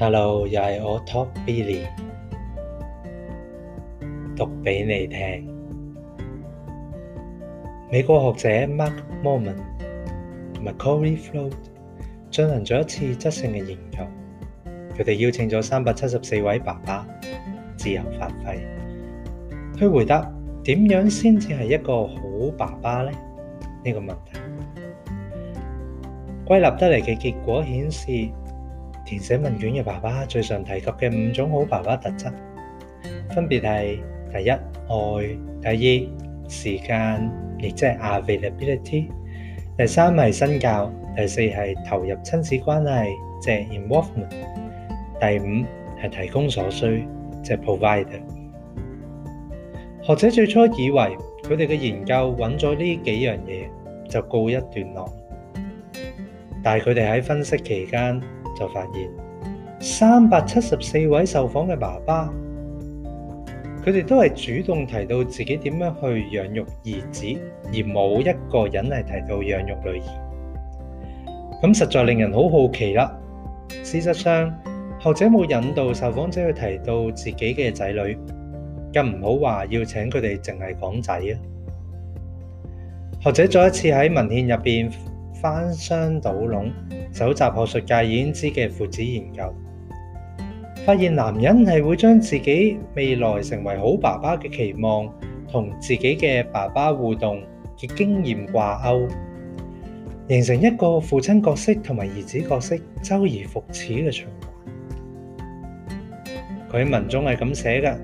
Hello，又係我 Top Billy 讀俾你聽。美國學者 Mark Morman 同埋 Corey Flood 進行咗一次質性嘅研究，佢哋邀請咗三百七十四位爸爸自由發揮，佢回答點樣先至係一個好爸爸呢？這」呢個問題。歸納得嚟嘅結果顯示。填寫問卷嘅爸爸最常提及嘅五種好爸爸特質，分別係：第一，愛；第二，時間，亦即係 availability；第三係身教；第四係投入親子關係，即係 involvement；第五係提供所需，即係 provide。學者最初以為佢哋嘅研究揾咗呢幾樣嘢就告一段落，但係佢哋喺分析期間。就發現三百七十四位受訪嘅爸爸，佢哋都係主動提到自己點樣去養育兒子，而冇一個人係提到養育女兒。咁實在令人好好奇啦。事實上，學者冇引導受訪者去提到自己嘅仔女，更唔好話要請佢哋淨係講仔啊。學者再一次喺文獻入面。翻箱倒籠搜集學術界已經知嘅父子研究，發現男人係會將自己未來成為好爸爸嘅期望同自己嘅爸爸互動嘅經驗掛鈎，形成一個父親角色同埋兒子角色周而復始嘅循環。佢文中係咁寫㗎：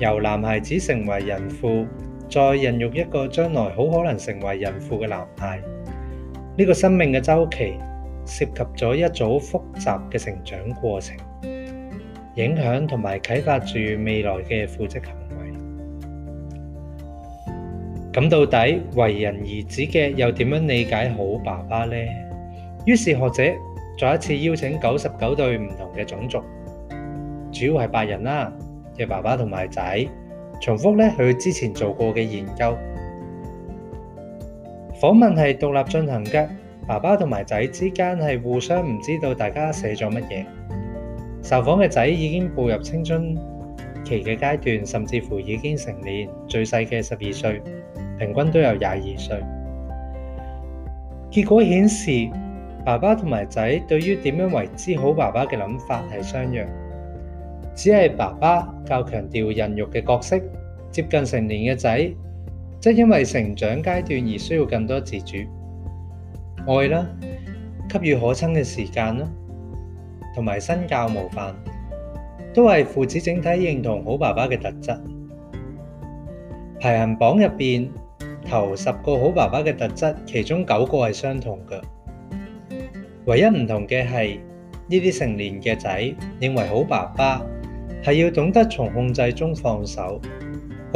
由男孩子成為人父，再孕育一個將來好可能成為人父嘅男孩。呢個生命嘅周期涉及咗一組複雜嘅成長過程，影響同埋啟發住未來嘅父職行為。咁到底為人兒子嘅又點樣理解好爸爸呢？於是學者再一次邀請九十九對唔同嘅種族，主要係白人啦、啊、嘅爸爸同埋仔，重複咧佢之前做過嘅研究。訪問係獨立進行嘅，爸爸同埋仔之間係互相唔知道大家寫咗乜嘢。受訪嘅仔已經步入青春期嘅階段，甚至乎已經成年，最細嘅十二歲，平均都有廿二歲。結果顯示，爸爸同埋仔對於點樣為之好爸爸嘅諗法係相若，只係爸爸較強調孕育嘅角色，接近成年嘅仔。即因為成長階段而需要更多自主、愛啦、給予可親嘅時間啦，同埋身教模範，都係父子整體認同好爸爸嘅特質。排行榜入面，頭十個好爸爸嘅特質，其中九個係相同嘅，唯一唔同嘅係呢啲成年嘅仔認為好爸爸係要懂得從控制中放手。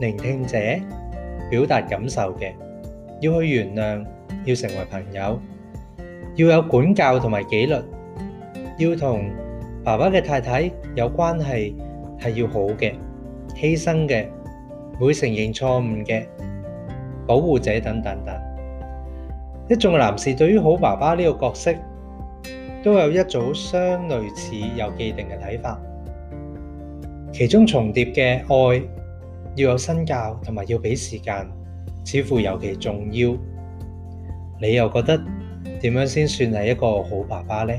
聆聽者，表達感受嘅，要去原諒，要成為朋友，要有管教同埋紀律，要同爸爸嘅太太有關係係要好嘅，犧牲嘅，會承認錯誤嘅，保護者等等等，一眾男士對於好爸爸呢個角色，都有一組相類似又既定嘅睇法，其中重疊嘅愛。要有身教同埋要畀時間，似乎尤其重要。你又覺得點樣先算係一個好爸爸呢？